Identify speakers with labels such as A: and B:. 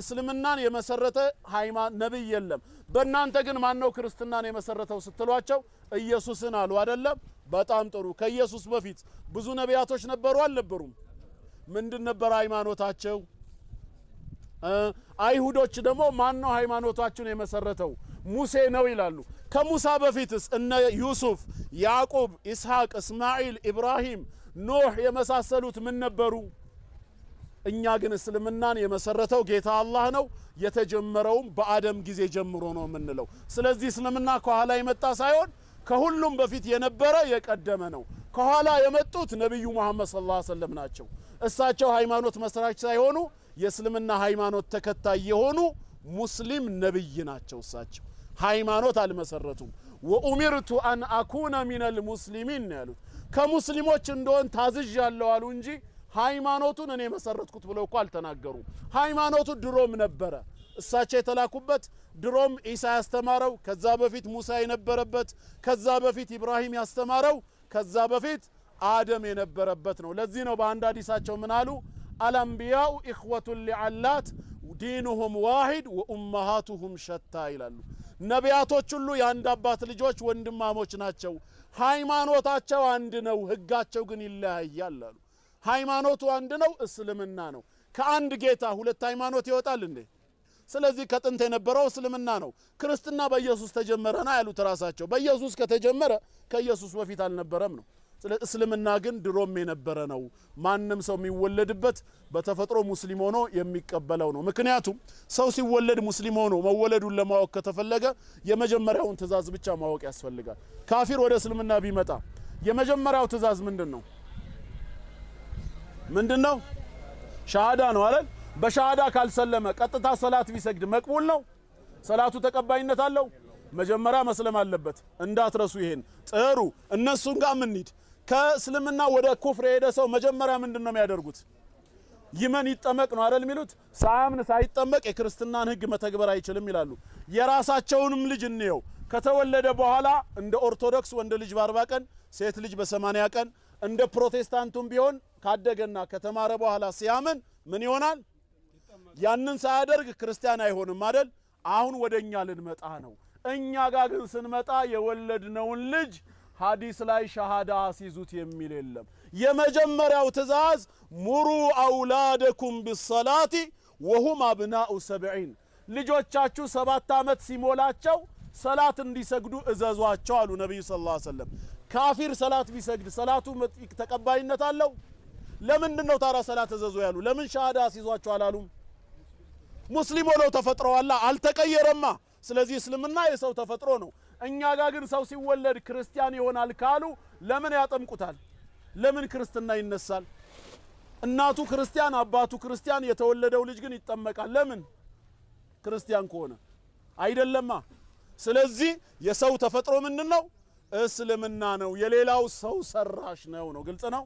A: እስልምናን የመሰረተ ሃይማኖት ነብይ የለም። በእናንተ ግን ማን ነው ክርስትናን የመሰረተው ስትሏቸው ኢየሱስን አሉ። አይደለም? በጣም ጥሩ። ከኢየሱስ በፊት ብዙ ነቢያቶች ነበሩ አልነበሩም? ምንድን ነበር ሃይማኖታቸው? አይሁዶች ደግሞ ማን ነው ሃይማኖታችሁን የመሰረተው? ሙሴ ነው ይላሉ። ከሙሳ በፊትስ እነ ዩሱፍ፣ ያዕቁብ፣ ኢስሐቅ፣ እስማኤል፣ ኢብራሂም፣ ኖህ የመሳሰሉት ምን ነበሩ? እኛ ግን እስልምናን የመሰረተው ጌታ አላህ ነው፣ የተጀመረውም በአደም ጊዜ ጀምሮ ነው የምንለው። ስለዚህ እስልምና ከኋላ የመጣ ሳይሆን ከሁሉም በፊት የነበረ የቀደመ ነው። ከኋላ የመጡት ነቢዩ መሐመድ ሰለላሁ ዐለይሂ ወሰለም ናቸው። እሳቸው ሃይማኖት መስራች ሳይሆኑ የእስልምና ሃይማኖት ተከታይ የሆኑ ሙስሊም ነብይ ናቸው። እሳቸው ሃይማኖት አልመሰረቱም። ወኡሚርቱ አን አኩነ ሚነል ሙስሊሚን ነው ያሉት። ከሙስሊሞች እንደሆን ታዝዣለሁ አሉ እንጂ ሃይማኖቱን እኔ መሰረትኩት ብለው እኮ አልተናገሩም። ሃይማኖቱ ድሮም ነበረ። እሳቸው የተላኩበት ድሮም ኢሳ ያስተማረው፣ ከዛ በፊት ሙሳ የነበረበት፣ ከዛ በፊት ኢብራሂም ያስተማረው፣ ከዛ በፊት አደም የነበረበት ነው። ለዚህ ነው በአንድ አዲሳቸው ምን አሉ? አልአንቢያኡ ኢኽወቱን ሊዓላት ዲኑሁም ዋሂድ ወኡመሃቱሁም ሸታ ይላሉ። ነቢያቶች ሁሉ የአንድ አባት ልጆች ወንድማሞች ናቸው። ሃይማኖታቸው አንድ ነው፣ ህጋቸው ግን ይለያያል አሉ። ሃይማኖቱ አንድ ነው፣ እስልምና ነው። ከአንድ ጌታ ሁለት ሃይማኖት ይወጣል እንዴ? ስለዚህ ከጥንት የነበረው እስልምና ነው። ክርስትና በኢየሱስ ተጀመረ ና ያሉት ራሳቸው። በኢየሱስ ከተጀመረ ከኢየሱስ በፊት አልነበረም ነው። እስልምና ግን ድሮም የነበረ ነው። ማንም ሰው የሚወለድበት በተፈጥሮ ሙስሊም ሆኖ የሚቀበለው ነው። ምክንያቱም ሰው ሲወለድ ሙስሊም ሆኖ መወለዱን ለማወቅ ከተፈለገ የመጀመሪያውን ትእዛዝ ብቻ ማወቅ ያስፈልጋል። ካፊር ወደ እስልምና ቢመጣ የመጀመሪያው ትእዛዝ ምንድን ነው? ምንድነው? ሻሃዳ ነው አይደል? በሻሃዳ ካልሰለመ ቀጥታ ሰላት ቢሰግድ መቅቡል ነው? ሰላቱ ተቀባይነት አለው? መጀመሪያ መስለም አለበት። እንዳትረሱ ይሄን። ጥሩ፣ እነሱን ጋር ምንሂድ። ከእስልምና ወደ ኩፍር የሄደ ሰው መጀመሪያ ምንድን ነው የሚያደርጉት? ይመን ይጠመቅ ነው አይደል የሚሉት። ሳያምን ሳይጠመቅ የክርስትናን ህግ መተግበር አይችልም ይላሉ። የራሳቸውንም ልጅ እንየው ከተወለደ በኋላ እንደ ኦርቶዶክስ ወንድ ልጅ በአርባ ቀን ሴት ልጅ በሰማንያ ቀን እንደ ፕሮቴስታንቱም ቢሆን ካደገና ከተማረ በኋላ ሲያምን ምን ይሆናል? ያንን ሳያደርግ ክርስቲያን አይሆንም አደል? አሁን ወደ እኛ ልንመጣ ነው። እኛ ጋር ግን ስንመጣ የወለድነውን ልጅ ሀዲስ ላይ ሸሃዳ አስይዙት የሚል የለም። የመጀመሪያው ትእዛዝ ሙሩ አውላደኩም ቢሰላቲ ወሁም አብናኡ ሰብዒን ልጆቻችሁ ሰባት ዓመት ሲሞላቸው ሰላት እንዲሰግዱ እዘዟቸው አሉ ነቢዩ ሰለላሁ ዐለይሂ ወሰለም። ካፊር ሰላት ቢሰግድ ሰላቱ ተቀባይነት አለው? ለምንድን ነው ታዲያ ሰላት እዘዙ ያሉ? ለምን ሻሃዳ አስይዟቸው አላሉም? ሙስሊም ሆነው ተፈጥረዋላ፣ አልተቀየረማ። ስለዚህ እስልምና የሰው ተፈጥሮ ነው። እኛ ጋር ግን ሰው ሲወለድ ክርስቲያን ይሆናል ካሉ ለምን ያጠምቁታል? ለምን ክርስትና ይነሳል? እናቱ ክርስቲያን፣ አባቱ ክርስቲያን፣ የተወለደው ልጅ ግን ይጠመቃል። ለምን? ክርስቲያን ከሆነ አይደለማ። ስለዚህ የሰው ተፈጥሮ ምንድን ነው? እስልምና ነው። የሌላው ሰው ሰራሽ ነው ነው። ግልጽ ነው።